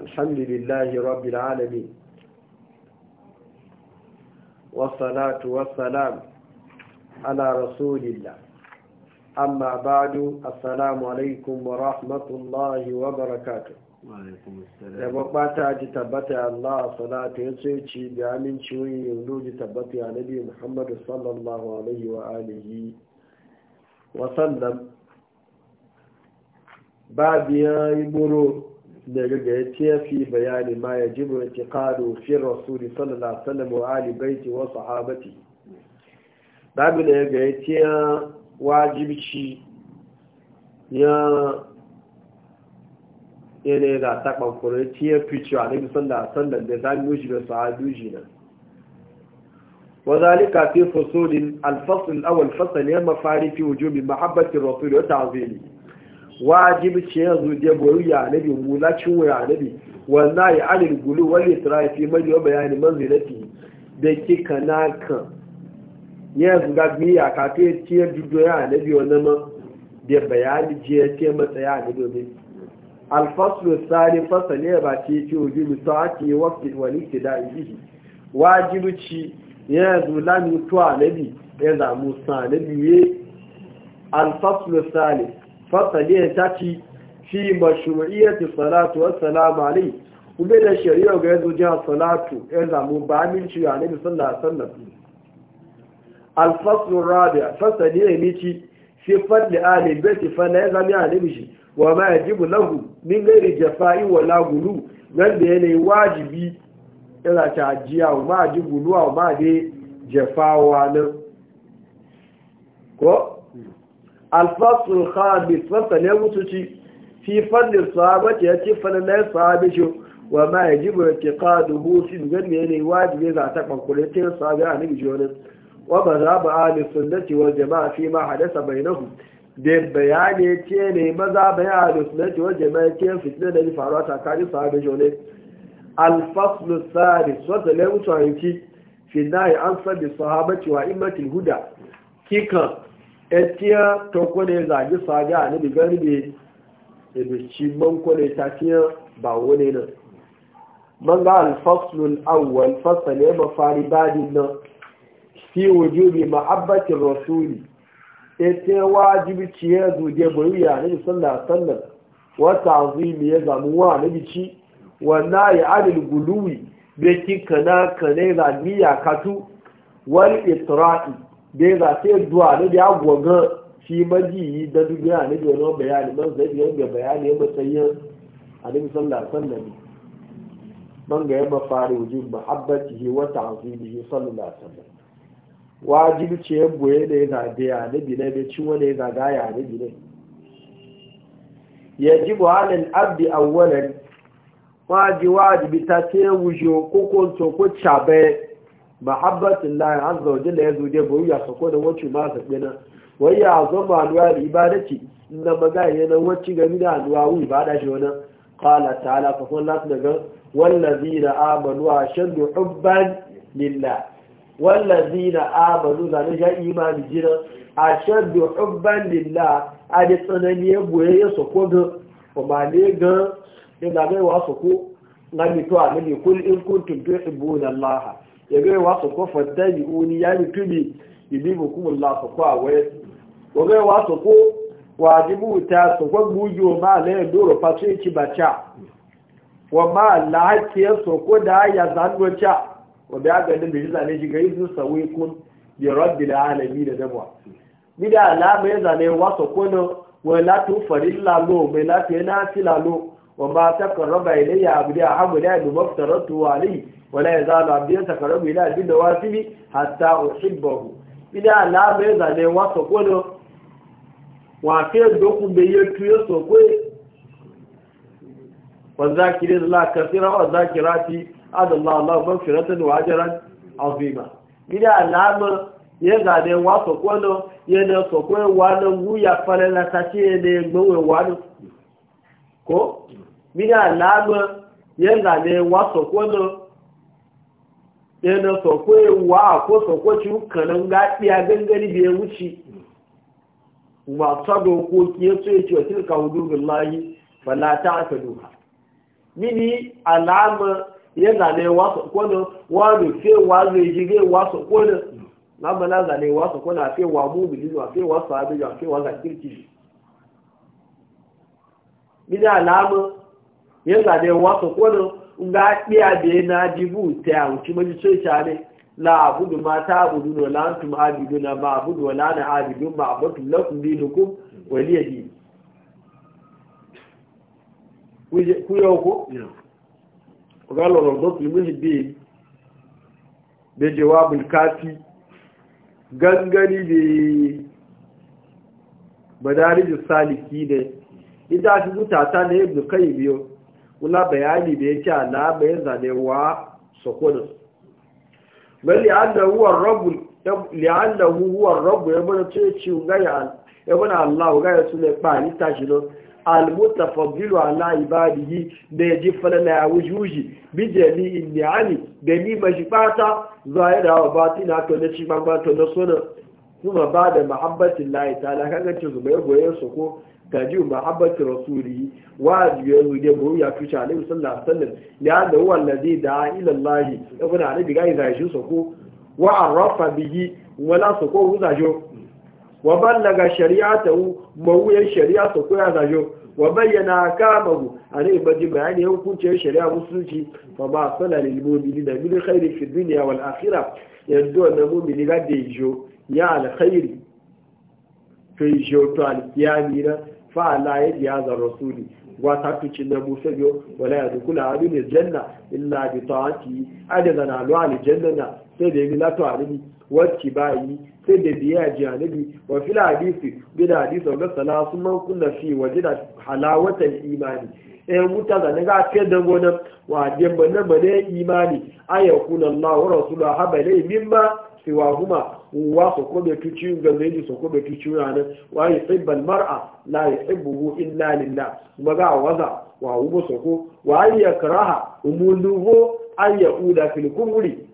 الحمد لله رب العالمين والصلاة والسلام على رسول الله أما بعد السلام عليكم ورحمة الله وبركاته وعليكم السلام لبقات أجتبت الله صلاة يسيتي بأمين شوي يولود تبت على نبي محمد صلى الله عليه وآله وسلم بعد يا يبرو da ga ya tafi bayani ma ya ji mu ti kado fi rasuli sallallahu alaihi wasallam wa ali baiti wa sahabati babu da riga ya tiya wajibci ya yana da taɓa ya tiya fice a nabi sallallahu alaihi wasallam da zami shi da sahabi nan وذلك في فصول الفصل الأول فصل يما فاري في وجوب محبة الرسول وتعظيمه wajibci ya zo da boyu ya nabi mulacin wa ya nabi ya alil gulu wal israfi mai yau bayani manzilati da ke kanaka, ya ya zuga mi ya ka ya ce dudu ya nabi wani ma da bayani je te matsaya nabi ne al tsari fasa ne ba ce ce uji misaki waqti ke da bihi wajibci ya zo lami to nabi ya zamu sa nabi al faslu thani fasali ta ci fi mashru'iyyati salatu wassalamu alayhi kuma da shari'a ga yanzu jiha salatu ya zamu ba aminci ya nabi sallallahu alaihi wasallam al-faslu rabi' fasali ya mici fi fadli ali baiti fa la yazami ne shi wa ma yajibu lahu min ghairi jafa'i wa la gulu nan da yana wajibi yana ta ajiya wa ma yajibu wa ma dai jafawa nan ko alfasul khabis fasa ne mutuci fi fannin sahabati ya ce fannin sahabi shi wa ma ya ji burki kadu husin gan ne ne wajibi za ta kankure ta yin sahabi a nabi jonin wa ba za ba ali sunnati wal jama'a fi ma hadasa bainahu da bayani ce ne maza bayan ali sunnati wal jama'a ce fitna da faruwa tsakanin sahabi jonin alfasul sadis wata ne mutuwa yanki fi nahi an sabi sahabati wa immatul huda kikan etiya to kone zagi sage a bi garbe ibici man kone ta fiye ba wani nan man ga fasa awwal fasale mafari badin nan fi wujubi ma'abbatin rasuli etiya wajibi ci ya zuje buriya na bi sallah sallar wata azimi ya zamu wa na ci wannan ya adil guluwi be kika na kane zagi ya katu wal itra'i bai za ta yi duwa na da ya gwaga shi maji yi da dubiya ne da wani bayani man zai biyan ga bayani matsayin a nabi sallar alaihi ne man ga yamma fara wujin mahabbatihi wa ta'zimihi sallallahu alaihi wasallam wajibi ce ya boye da ya zabe ya nabi ne bai ci wani ya zaga ya nabi ne ji alal abdi awwalan wajibi wajibi ta ce wujo ko ko to ko chabe mahabbatin lahi azza wa jalla ya zo dai ya sako da wacce ma sa bina wai ya zo ma duwa da ibadati inna maga ya nan wacce gami da duwa wu ibada shi wannan qala ta fa kun lati daga wallazina amanu a shan ashaddu lilla. lillah wallazina amanu zan ga imani jira ashaddu hubban lillah a da tsanani ya boye ya sako ga kuma ne ga da ga wa sako ngami to a ne kul in kuntum tuhibbuna allaha yabe wa su ko fattabi uni ya mutubi idibu kumullah su ko awe yabe wa su ko wajibu ta su ko gujo ma la doro fa sai ki bacha wa ma la ke su ko da ya zango cha wa da ga da bi zane shi ga kun bi rabbil da dabwa bi da alama ya zane wa su ko no wa la tu farilla lo mai lo wa ma wala ya zalu abdiyan takarabu ila abin da wasili hatta uhibbahu ida la be zale wa so wa ke do ku be yetu yo so ko wa zakirin la kathira wa zakirati adallahu allah maghfiratan wa ajran azima ida la wa so na so ko ya yana sokwe wa ko sokwe ci kanan gaɗiya gangari da ya wuce ba ta dokoki ya ce cewa tilka hududun lahi fala taa aka duka mini alama ya zane wasu kwanan wani fewa zai jige wasu kwanan na bala zane wasu kwanan fewa mubili a fewa sabi a fewa zakirki mini alama ya zane wasu kwanan nga ɗi da ya na dibu ta ya wuce maji so ya ne la abudu ma ta abudu na la abidu na ma abudu wa la na abidu ma abudu lakum dinukum wani ya dini ku yau ku? ga lorol do fi muhibbin da jawabul kafi gangani da madarijus saliki ne ita ta mutata na ibn kai biyo Kula bayani da ya ce ala bayan zane wa sokonin wani li'allahu huwar rabu ya bada ce ci ya bada allah gaya su ne ɓari tashi nan almutafabbilu ala ibadihi da ya ji falala ya wujuji bi ni ali da ni mashi bata wa batina to na ci ban to na suna. kuma ba da mahabbatin layi ta la kaga ce zuma ya goye su ko gaji umar habbatin rasuri wa biyu yanzu dai buru ya tuce alaihi sallallahu sallam da ya da wanda zai da ilallahi ya kuna alaihi gaji za shi soko wa a rafa biyi wala soko hu za jo wa balla ga shari'a ta hu ma hu ya shari'a soko ya za wa bayyana kama hu alaihi baji bayani ya hukunci shari'a musulunci fa ba sallar ilmobili da bilin khairi fi duniya wal akhira yanzu na mobili ga da jo ya alkhairi Kai jo to alkiyami na fa ya biya hazar rasuli wa ta tuci na musa biyo, wala ya dukula a duniya janna illa bi ta'ati adana na lu Ali janna na. sai da yi lato alibi wacce ba yi sai da biya ji alibi wa fil hadisi bi da wa gasa salasu man kunna fi da halawatan imani in eh, wuta zane ga fiye da gona. wa dimba na bane imani ayakunan Allah wa rasulullah mimma siwa huma kowa su kobe tuci ga ji su kobe tuci ranar wa yi tsibbal mar'a la yi tsibbuhu illa lillah kuma za a waza wa su soko wa yi ya karaha umuluhu an ya uda fil wuri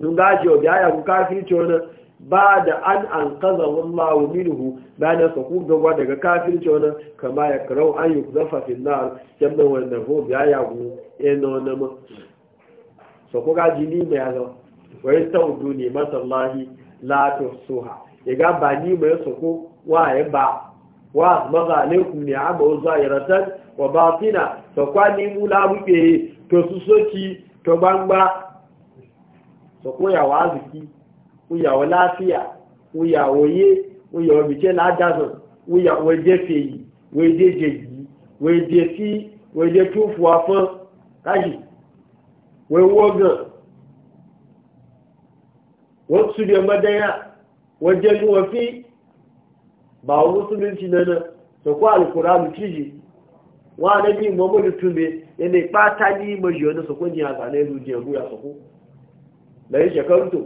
sun gaji wa biya ku ce wani ba da an an kaza wallahu minhu bayan soko gaba daga ce wani kama ya karau an yi zafa fil nar yamma wannan ho biya ya ku yana wani ma soko gaji ni mai yazawa wai yastaudu ne masallahi la soha iga ba ni mai soko waye ba wa maza alaikum ni aba zairatan wa batina to kwani mu la to su soki to gbangba to ko ya wa aziki ku lafiya ku ya oye ku ya obi che la dazo ku feyi we jeji waje fi waje tufuwa fun afan wai we wasu da madaya wajen wafi ba wa musulunci na nan da kuwa alkuranu ciji wa na bi mamadu tume yana ipata ni maji wani sako ni a zane su jiya goya sako da yi shekaruto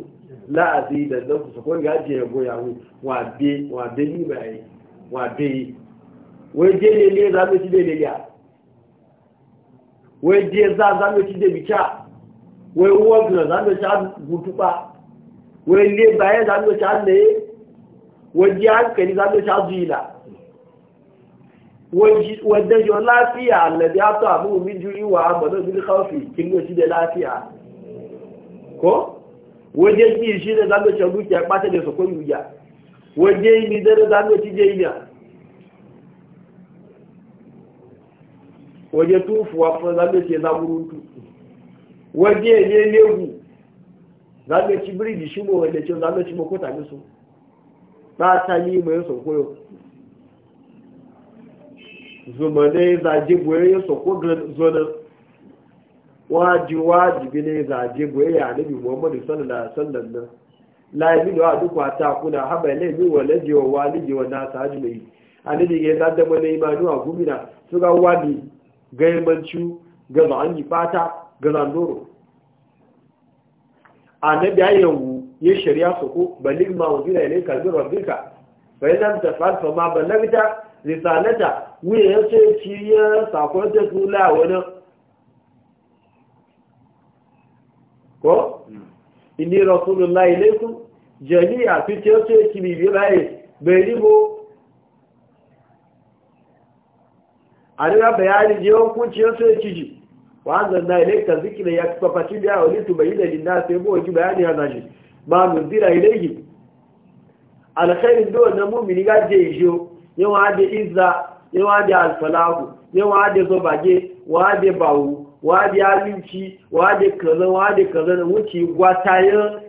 la'azi da nan ku sako ga jiya goya hu wa be ni ba yi wa be yi wai je ne ne za mu ci da ne ya wai je za za mu ci da bica wai uwa za mu ci hutu ba? wele baye za mu ta ne waje hankali za mu ta zila wadda wani lafiya alladhi ata abu min juri wa amadu bil khawfi kin go shi da lafiya ko waje yi shi da za mu ta ya kwata da sokon yuya waje ni dare za mu ci je ya, waje tufu wa fa za mu ce zaburuntu waje ne lebu zame ci shi mo wanda ce zame kota ne su ba ta yi mai sokoyo zuma ne zaje goye ya soko zonar waji wajibi ne zaje goye ya nabi muhammadu sallallahu alaihi wasallam nan la yi mini wa duk wata kuna haɓa ne mi wa laje wa walije wa ta haji mai anabi ya dama mana imanu a gumina su ga wani gaimanci ga za'an yi fata ga zandoro annabi ya yawu ya shari'a su ku balig ma wajira ilayka bi rabbika fa idan ta fa ma balagta risalata wuya ya ce ci ya sakon ta tula wani ko inni rasulullahi ilaykum jami'a fi ce ce ki bi bai bai ribo a daga bayani jiyon kunci ya ce ci waanza naye leta zikira ya a da kupapatili hao litu baile linnasi mbo wajiba yani ya naji mamu zira ilihi ala khairi ndoa na mumi ni gaje ijo ni waade iza ni waade alfalahu ni waade zobaje waade bau waade alinchi waade kaza waade kaza na wuchi watayo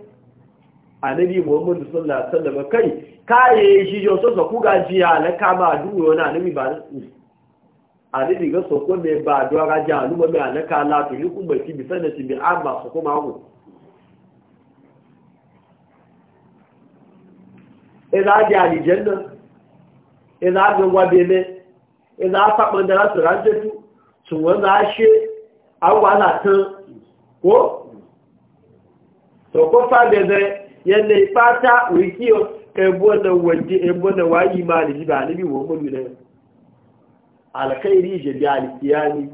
anabi muhammadu sallallahu sallam kai kaya ijo soso kuga jiyala kama aduwe wana anabi bada àdídì gan sọ̀kọ́ ní ẹba àjọ ara jẹ́ àlúmọ́mí àlẹ́ka aláàtò yíkú mọ̀ ìkíbi sẹ́nẹ̀ ti bí àmà sọ̀kọ́ máa wù. ẹ̀dá àjẹ́ àlìjẹ́ náà ẹ̀dá àjẹ́ wábẹ́lẹ́ bebe àpapọ̀ndàrà sọ̀rọ̀ àjẹ́tú ṣùgbọ́n náà ṣe àwọn na kó sọ̀kọ́ fàbẹ̀rẹ̀ yẹn lè pátá òkí alkhairi je bi alkiyani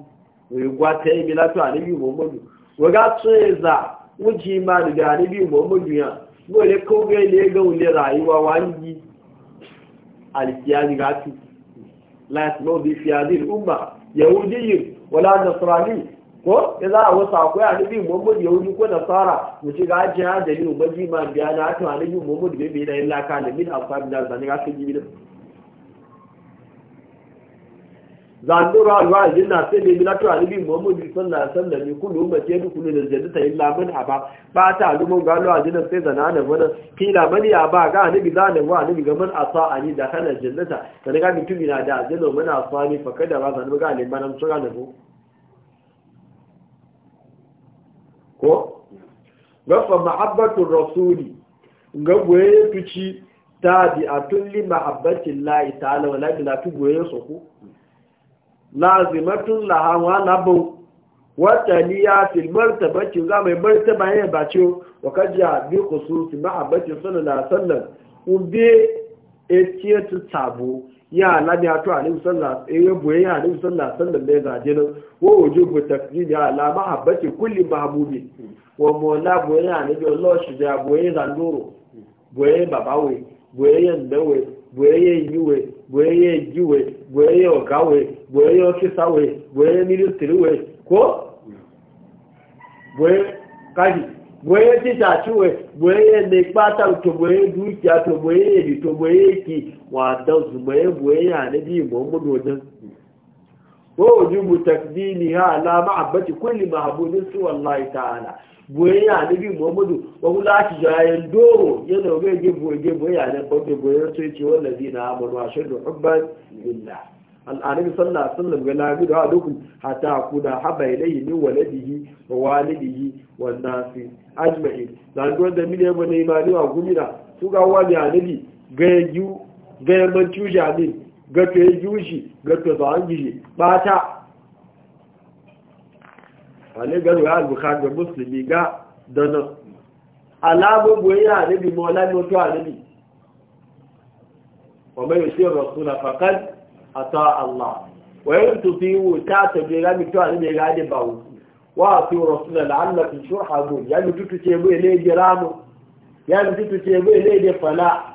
wai gwata yi milatu anabi muhammadu waga tseza uji ma daga anabi muhammadu ya wale kogai ne ga wule rayuwa wani alkiyani ga tu la yasmau bi fi hadhihi umma yahudiyyin wala nasrani ko ya a wasu akwai annabi muhammad yahudi ko nasara mu ci ga jiya da ni ubangi ma biya na ta mu muhammad bai bai da illa ka da min amfani da zani ga su gibi da zandura alwa jinna sai ne milatu alibi muhammadu sallallahu alaihi wasallam ne kullu ummati yadkhulu da jannati illa man aba ba ta lumun galo a jinna sai zana da wannan kila man ya ba ga annabi zana wa annabi ga man asa ani da kana jannata da bi mutumi na da jinna man asa ni fa kada ba zan ga ne ban tsura da ko ko gafa mahabbatur rasuli gaboye tuci tabi'atun li mahabbatin lahi ta'ala wala bila tu goye su ko lazimatun lahawa labin wata liya fil martabati za mai martaba ya bace wa a bi khususi mahabbati sallallahu na wasallam ube etiyatu tabo ya labi ato alaihi sallallahu alaihi e buye ya alaihi sallallahu alaihi wasallam da zaje nan wa wujubu ya la mahabbati kulli mahbubi wa mola buye ya nabi Allah shi da buye zanduro buye babawe buye buye yiwe buye boyayyen oga we boyayyen ofisa we boyayyen ministry we ko kó kaji tita ci we boye ne pata to boye dukiya to boye yedi to boye ki wa dan su boye ìmọ̀ bi mu ووجوب تقديمها على محبة كل محبوب سوى الله تعالى boyayya nabi muhammadu wani lati jayen doro yana ga ge boye boyayya na boye boye sai ce wallazi na amanu ashadu hubban lillah al'anabi sallallahu alaihi wasallam ga labi da dukun hatta kuna haba ilayhi min waladihi wa walidihi wan nasi ajma'in dan don da mine ba ne imani wa gumira su ga wani anabi ga yu ga man tuja min gato ya jushi gato ba an gishi ta wani gano ya albukhari da musulmi ga dana alamobuwa ya anabi maula mutu anabi wa mai na rasula a ta allah wa yin wuta ta tabi ya mutu anabi ga ne ba wuku wa fi rasula la'allafin hagu? ya mutu tuce bai ne jiramu ya mutu tuce bai ne fala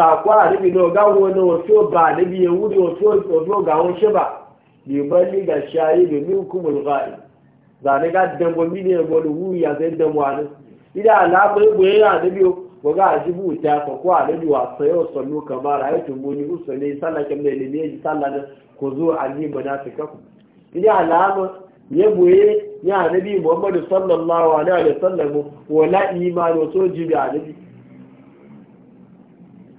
sàkó àríbi náà gáwọn náà wọ́n tí ó bá àríbi ewu ni wọ́n ga ó gà wọ́n ṣẹ́bà lèmọ́ nígbà ṣe ayé lèmi ń kú mọ̀lúfà rẹ̀ zànígá dẹ̀mọ̀ mílíọ̀nù bọ́ọ̀lù wúrú yàtọ̀ dẹ̀mọ̀ àná ilé àlàbọ̀ egbò eré àríbi o wọ́gá àjíbù ìta sàkó àríbi wà sọ yóò sọ ní ọkàn bá ara ẹ̀ tó mọ́ ní ọ̀sọ̀ ní sálà kẹ́mẹ́ lèmi èyí sálà náà kò zó àní ìbọ̀nà àtìkọ́kù ilé àlàbọ̀ muhammadu sallallahu alaihi wa sallam wọ̀lá ìmọ̀ àlọ́ tó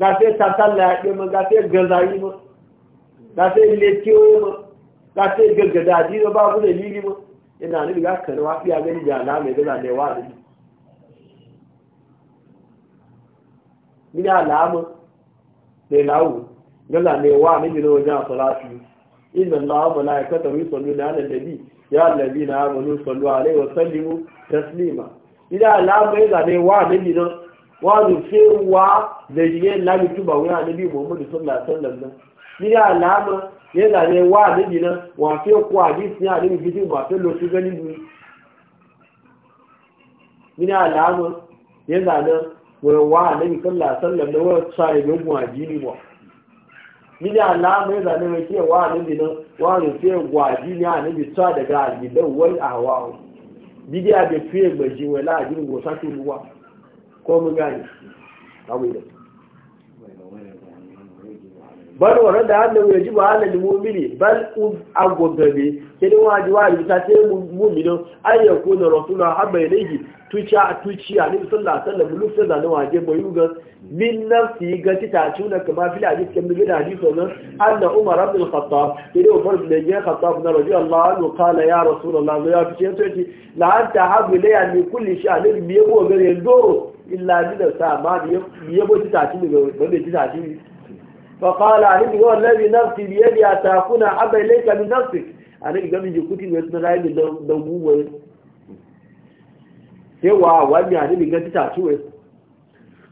ga sai tasalla ya ɗe ma ga sai gazayi ma ga sai lekewo ma ga sai gaggada ji da babu da lili ma ina ni ga karwa iya gani ga na mai gaza da ni ga alama da lawo gaza mai wa ni bi wajen salatu inna wa malaikatahu yusalluna ala nabi ya amanu sallu alaihi wa sallimu taslima ila ga wa ni Wa wani cewa da jiye lami tuba wani bi muhammadu sallallahu alaihi wasallam ni ya alama ya zane wa annabi nan wa fe ku hadisi ya annabi fitin ba fe lo gani ni ni ya alama ya zane wa wa annabi sallallahu alaihi wasallam da wa sai da mu ajini ba ni ya alama ya zane mai cewa annabi nan wa ne fe gwaji ni annabi tsa daga ajidan wal ahwa bidiya da fe gbaji wala ajin go sa ruwa ko mun gani abu da bar wa rada annahu yajibu ala al-mu'mini bal uz agwabe kini waje waji ta ce mumino an ya kuna rasula haɓa ilaihi tuciya a tuciya ne sallah sallah mulufin zane waje mai yugan min nafsi ga tita tuna kama fili a jikin mu gina hadisi anna umar abdul khattab kini umar da ya khattab na rabi allah an qala ya rasulullah ya fice to ce la anta habu ilayya min kulli sha'anin mi yabo gare doro illa min sa ma yabo tita tuna ga wanda tita tuna فقال علي هو الذي نفسي بيدي أتاكون أبا إليك من نفسك a nan gami je kuti ne suna rayu da don guguwar cewa wani a nan gani ta tuwe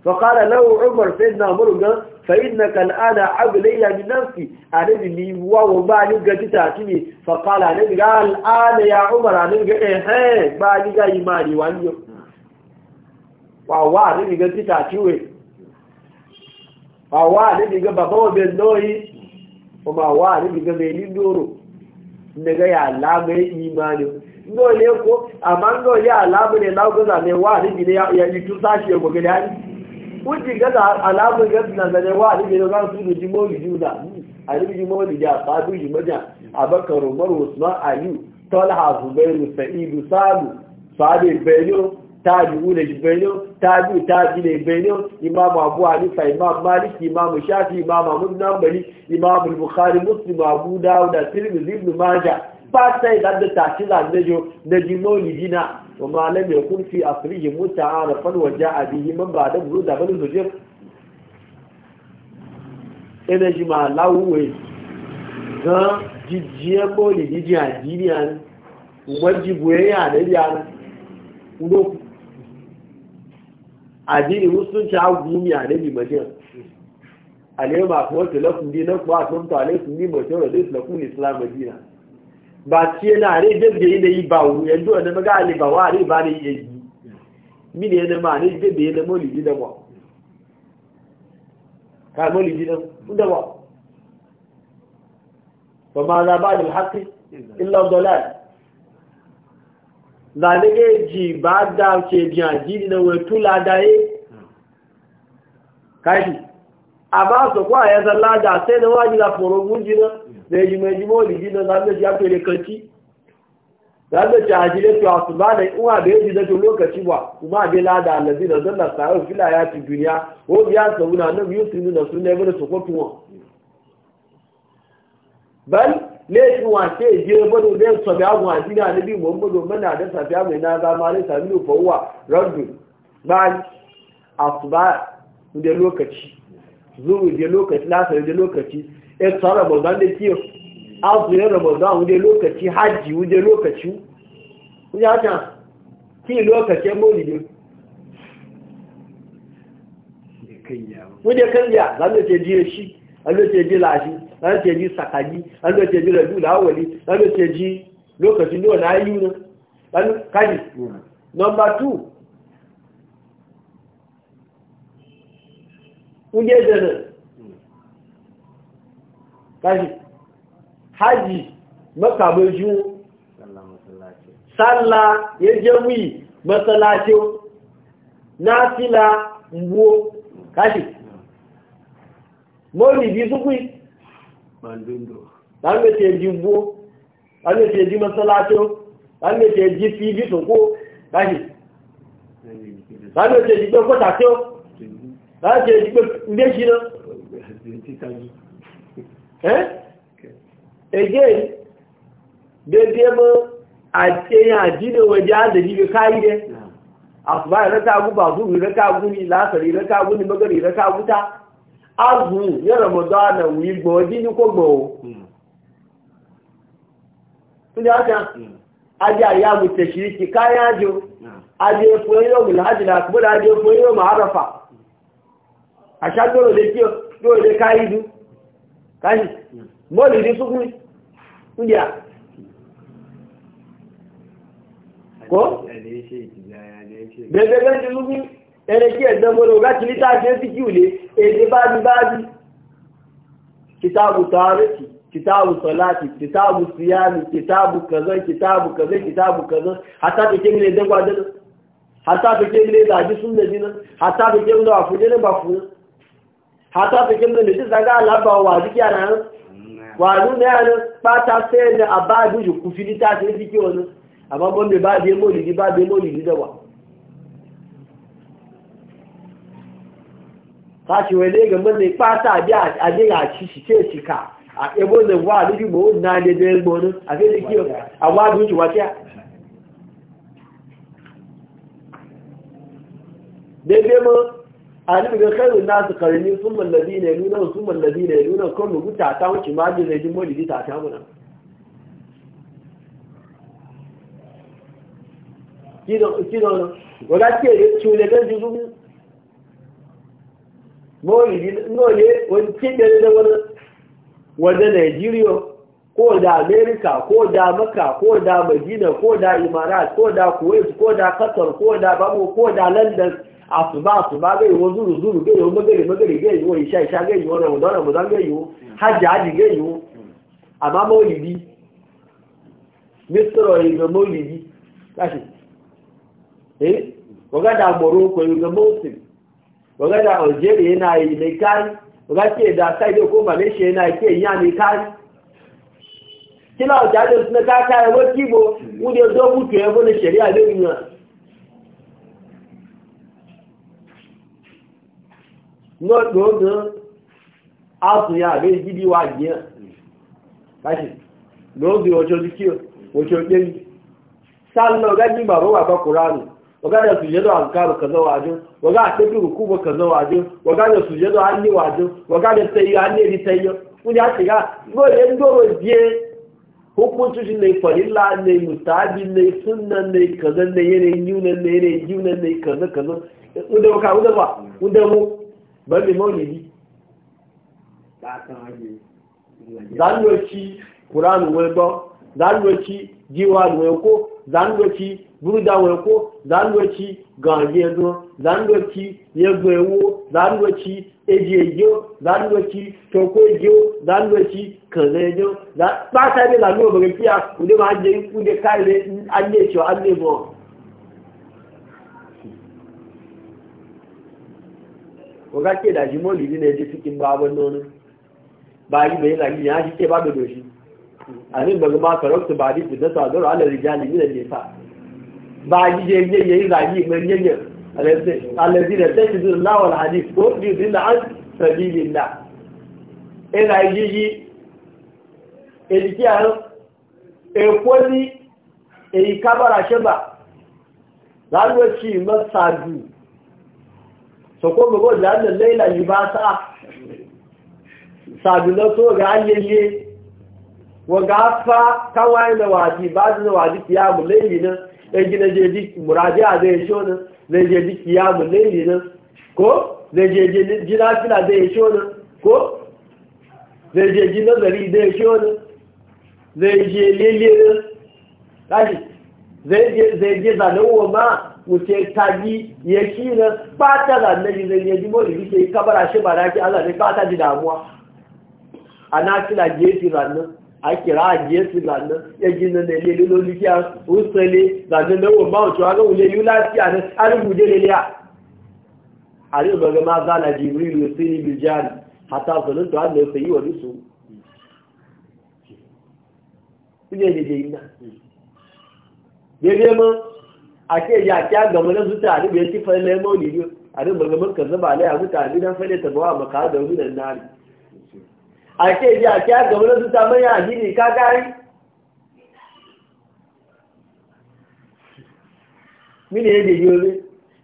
fa kala lau umar sai na murugan fa yi na kal'ada agulayya ni nafi a nan ni wa wa ba ni gani ta tuwe fa kala nan ga al'ada ya umar a nan gani ehe ba ni ga yi mari wani yau wawa a nan gani ta tuwe wawa a nan gani ga babawa bai nnoyi kuma wawa a nan gani ga mai lindoro daga ya alama ya imani dole ko amma dole ya alama ne lagoza ne wa ribi ne ya yi tun sashi ya gobe da hannu kuji gaza alama gaza na zane wa ribi ne za su ruji mawuli juda a ribi ji mawuli ja sabu ji maja abakar umar usman aliyu talha zubairu sa'idu sabu sabi bello tabi'u da jibrilo tabi'u tabi da jibrilo imam abu hanifa imam maliki imam shafi imam ahmad bin hanbali imam bukhari muslim abu dawud da tirmidhi ibn majah ba sai da da tashila da jo da jimoni dina wa ma lam yakun fi asrihi muta'arifan wa a biyi man ba bulu da bal zujir ina jima lawwe ga jijiyan boli jijiyan diniyan wajibu ya da yana udoku addini musulunci a gumi a nabi madina alema kuma ta lafin dina kuwa sun ta alaikun ni mai tsoron da islamun islam madina ba ce na ne dabbe yana yi ba wu yanzu wanda maga ale ba wa ne ba ne iya yi mini yana ma ne dabbe yana maulidi da ba ka maulidi da da ba ba ma za ba da haƙi illa dalal zàdégéjì bá dá ṣe jìn àjíjì na wọ́n tó ládáyé káṣì àbáṣọ̀kọ́ àyẹ́sà ládá sẹ́nà wájú la fọ̀rọ̀ ogun jìnà mẹ́jìmẹ́jìmọ́ òlì da lábẹ́sì apẹ̀lẹ̀ kan tí lábẹ́sì àjílẹ̀ tó àṣùbá rẹ̀ ń àbẹ́ jìnà tó lókàtí wà kùmá àbẹ́ da àlẹ́bí na zọ́nà sàárò fílà ya ti dùnìyà ó bí àṣọ̀wù náà náà yóò sinú nà sún ẹgbẹ́rẹ́ sọ̀kọ́ tó wọn lẹ́yìn wà je èyí zai lẹ́yìn sọ̀bẹ̀ a jina na bi muhammadu mana da safiya mai na zama na sami nufa uwa randu bayan rọ́dù da lokaci zuru da lokaci lasar da lokaci ya tsara ramadan lokaci da láti ẹjí sàkàjí láti ẹjí rẹ̀ dùn láwọ̀lé láti ẹjí lókàtí náà láyé náà láti káyì nọmba 2 oúnjẹ ìdẹ̀nà káyì hajj mọ́kàbójú sálà yẹjẹ́wì mọ́sálásí náà sílá káyì mọ́rì ìbí láàrín tí èjì gbó láàrín tí èjì mọ́sánláṣó láàrín tí èjì fi ibi tó kó láàyè láàrín tí èjì pé a tí ó láàrín tí èjì pé ilé ṣíná ẹgẹ́ bẹ́bí ẹmọ́ àtẹyàn àdínà wẹ̀dẹ́ àdẹ̀dí bí káyí rẹ̀ àfùbá ìrẹ́kàgún bàbú ìrẹ́kàgún ní ni ìrẹ́kàgún ní mọ́gẹ̀rẹ̀ ìrẹ́kàgún ta. azumi ní ramadana wí gbọ́ ọdí ní kó gbọ́ o tó ní ájá ajé àyà mú tẹ̀ṣìrí ti káyá ájò ajé epo yóò mú láàjìlá àkúbọ́dá ajé epo yóò mú àrọ̀fà àṣà gbọ́rọ̀ lè kí ó lè káyí dú káyí mọ́lì ní súnkún ní à kó bẹ̀rẹ̀ bẹ̀rẹ̀ ti súnkún ẹrẹ́kí ẹ̀dẹ́gbọ́n ọ̀gá ti níta ṣe sí kí ìwòlé èdè bá ní bá bí kìtàbù tààrẹ́kì kìtàbù sọ̀láàtì kìtàbù síyáàmì kìtàbù kẹzọ́ àbábọ́n mi bá mọ́lì ní bá dé mọ́lì ní dẹ̀wà láti wẹ̀lẹ́ gẹ̀mọ́ ní pátá àbí àdéhà àṣìṣìṣẹ́ ìṣìkà ẹgbọ́n lè wà lórí mọ̀ ó náà lè bẹ́ẹ̀ gbọ́n ní àfẹ́lẹ́ kí àwọn àdújù wá ne a dédé mọ́ alìbìgàn kẹrù náà ti kàrí ní súnmọ̀ lẹ́bí ilẹ̀ ìlú náà súnmọ̀ lẹ́bí ilẹ̀ ne, náà kọ́nù gúta ta ta máa dìrẹ̀ jí mọ́lì dìta àtàwọn náà kí lọ́nà wọ́n gá tí èrè tí ó lẹ́gẹ́ mọ́rìnlẹ́ náà yé kíndẹ̀rẹ́ da wani wajen nigeria ko da america ko da maka ko da madina ko da imarat ko da kuwait ko da qatar ko da babu ko da london asuba asuba gai wo zuru zuru gai wo magari magari gai wo isha isha gai wo ramadan ramadan gai wo hajji hajji gai wo amma maulidi misro yi ga maulidi kashi eh waga da ko yi ga muslim waga da algeria yana yi mai kari waga ke da saido ko malaysia yana yi ke iya mai kari kila ọjà jẹ́ òsìnà káàkà ẹwọ́ tí ìbò wúdí ọjọ́ bútù ẹwọ́ ní ṣẹ̀rí àlẹ́yìnà lọ́gbọ̀ọ́gbọ̀n áàtùnyà àbẹ́ ìdíbí wà jẹ́ láti lọ́gbọ̀n ọjọ́ waga da sujjadu azkaru kaza wajin waga a tafi rukuba kaza wajin waga da sujjadu hannu wajin waga da sayi hannu ri sayi kun ya shiga gore ndoro biye hukuncin shi ne farilla ne mutabi ne sunna ne kaza ne yanayin yunan ne yanayin yunan ne kaza kaza inda ka inda ba inda mu ban ne maulidi ci kuranu wai ba zanwaci jiwa wai ko zandoci burudawar ko zandoci gangezo zandoci yagbewo zandoci ejiyeyo zandoci tokoyo zandoci kanzeyo ba ta ne zandoci obere fiya kude ma je kude kaile an ne cewa an ne bo waga ke da jimoli ne ji fikin babon nono ba yi bai lagi ya ke ba da doshi àní gbogbo máa fẹ̀rọ̀ tó bàdí ìdẹ́sọ̀ àdọ́rọ̀ alẹ́ ìjà lè nílẹ̀ lè fà bá yíyẹ yíyẹ ìlà yìí mẹ yẹyẹ alẹ́bí rẹ̀ tẹ́sí tó láwọn àdí kó ní ìlà á fẹ̀lí ìlà ìlà yíyí èdè tí a ń èkó ní èyí kábàrà ṣẹ́bà láàrín òṣì mọ́ sàdù sọ̀kọ́ gbogbo ìlànà lẹ́yìn àyíbá sáà sàdù lọ́tọ́ waga fa kawai na waji ba su na waji kiyamu laili nan ɗan gina jeji muraji a zai sho nan zai je jeji kiyamu laili nan ko zai jeji jina fila zai sho nan ko zai jeji nazari zai sho nan zai je lele nan kashi zai je zanen wa ma wuce tagi ya shi nan ba ta zanen zai jeji da ke kabara shi ba na ki an zanen ba ta ji damuwa a na fila jeji zanen a kira ajiyar su zanen ya gina na ilé lólukiya rusale zanen na wọn báwọn cewa gawun lelu lafiya na arubuje leliya a rí ọgbọ̀gbọ̀ ma zala jibrilu sí ibi jari hata sọ̀lọ́tọ̀ adọ̀ ọ̀sẹ̀ yíwọ̀ ní so ilé ìdíje iná gẹ́gẹ́ mọ́ akéèyà kí a gàmọ́ lẹ́sù tí àdébẹ̀ẹ́ tí fẹ́lẹ́ mọ́ òlìlú àdébọ̀gbọ̀gbọ̀ kẹsàn-án bàálẹ̀ àmúta àti èdè àti àgbẹ̀wò ló tún ta mẹ́rin àdínì kágárí mínú èdè yìí orí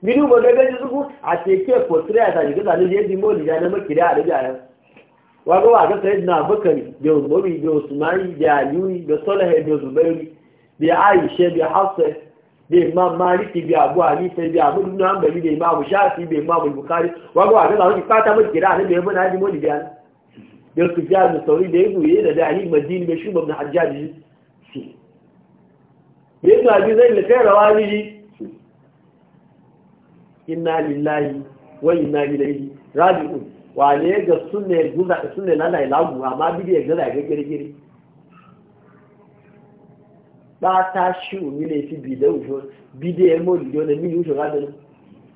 mínú mọ̀lẹ́ méjì túnkú àti èké ẹ̀pọ̀ tí rẹ̀ àtàjì kíta ló yéé di mọ́ òlìyà ní mọ́kìrí àríjà rẹ̀ wọ́n gbọ́ àkẹ́kẹ́ ìdìnnà àbọ́kẹ̀rì bí òmòrì bí da bí da bí da bí òsùmẹ́rì bí àìṣẹ́ da hafẹ́ bí imam maliki bí abu hanifa bí abu nuna ambali da imam shafi bí imam bukari wọ́n gbọ́ àkẹ́kẹ́ àwọn ti na mọ́kìrí àríjà rẹ̀ mọ́nà da su fiya da sauri da ya yi da da ahimar dini mai shugaban na hajjaji shi da ya zuwa zai da kai rawa miji inna lillahi wa inna ilaihi raji'un wa ne ga sunne guza sunne lana ilagu amma bi ya gaza ga girgiri ba ta shi umi ne fi bidau jo bidai mo liyo ne mi ga gadanu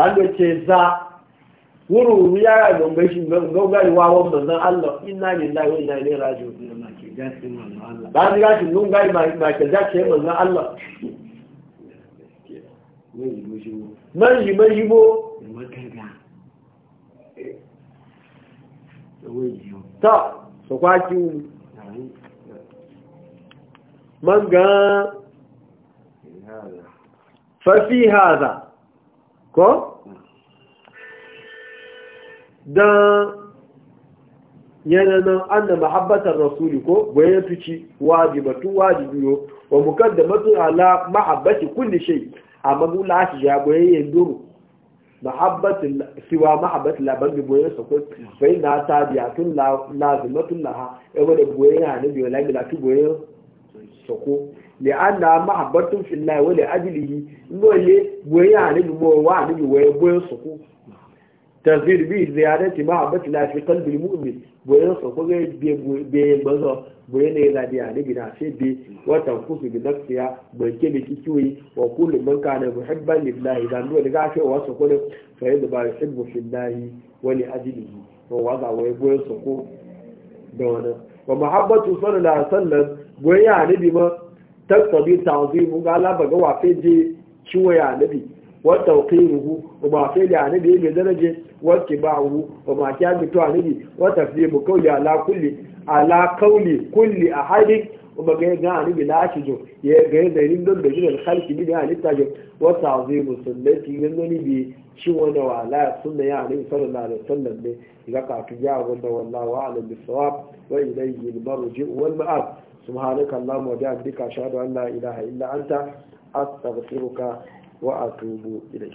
zanga ce za wuru ya ga gombe shi gauga yi wawon Allah inna lillahi na, inna ilaihi raji'un ba ni gashi nun gai ma ke za ce manzan Allah man yi bo ta so kwaki man ga fafi haza ko don yananan an da mahabbatar rasuli ko bayan tuci wajibatu wajibiyo wa mukaddamatu ala mahabbati kulli shay amma mu la shi ya bayan yanduru mahabbatin siwa mahabbatin la da boye sa ko sai na ta biya tun lazimatun laha ya wada boye ya ne biyo lami la tu boye sa ko li anna mahabbatun fillahi wa li ajlihi ngole boye ya ne biyo wa ne biyo boye sa ko tazir bi ziyarati ma abat la fi qalbi almu'min boye so ko ge be gbazo boye ne la dia na se bi wa tanfusu bi nafsiya boye ke bi kiwi wa kullu man kana muhibban lillahi dan do daga ce wa so ko ne fa yadda ba yuhibbu fillahi wa li ajlihi wa waza wa boye so ko da wannan wa mahabbatu sallallahu alaihi wasallam boye ya ne bi ma taktabi ta'zimu ga la baga wa fe je ciwo ya nabi wa tawqiruhu wa ba fe ya ne wake ba wu ba ma ta bi to anabi wa tafdibu qawli ala kulli ala qawli kulli ahadin ba ga ga ani bi lashi jo ya ga da rin don da jiran halki bi da ta jo wa ta'zimu sunnati min nani bi shi wanda wala sunna ya ani sallallahu alaihi wasallam ne ga ka tu ya wanda wallahu a'lam bisawab wa ilayhi al-marji wal ma'ab subhanaka allahumma wa bihamdika ashhadu an la ilaha illa anta astaghfiruka wa atubu ilayk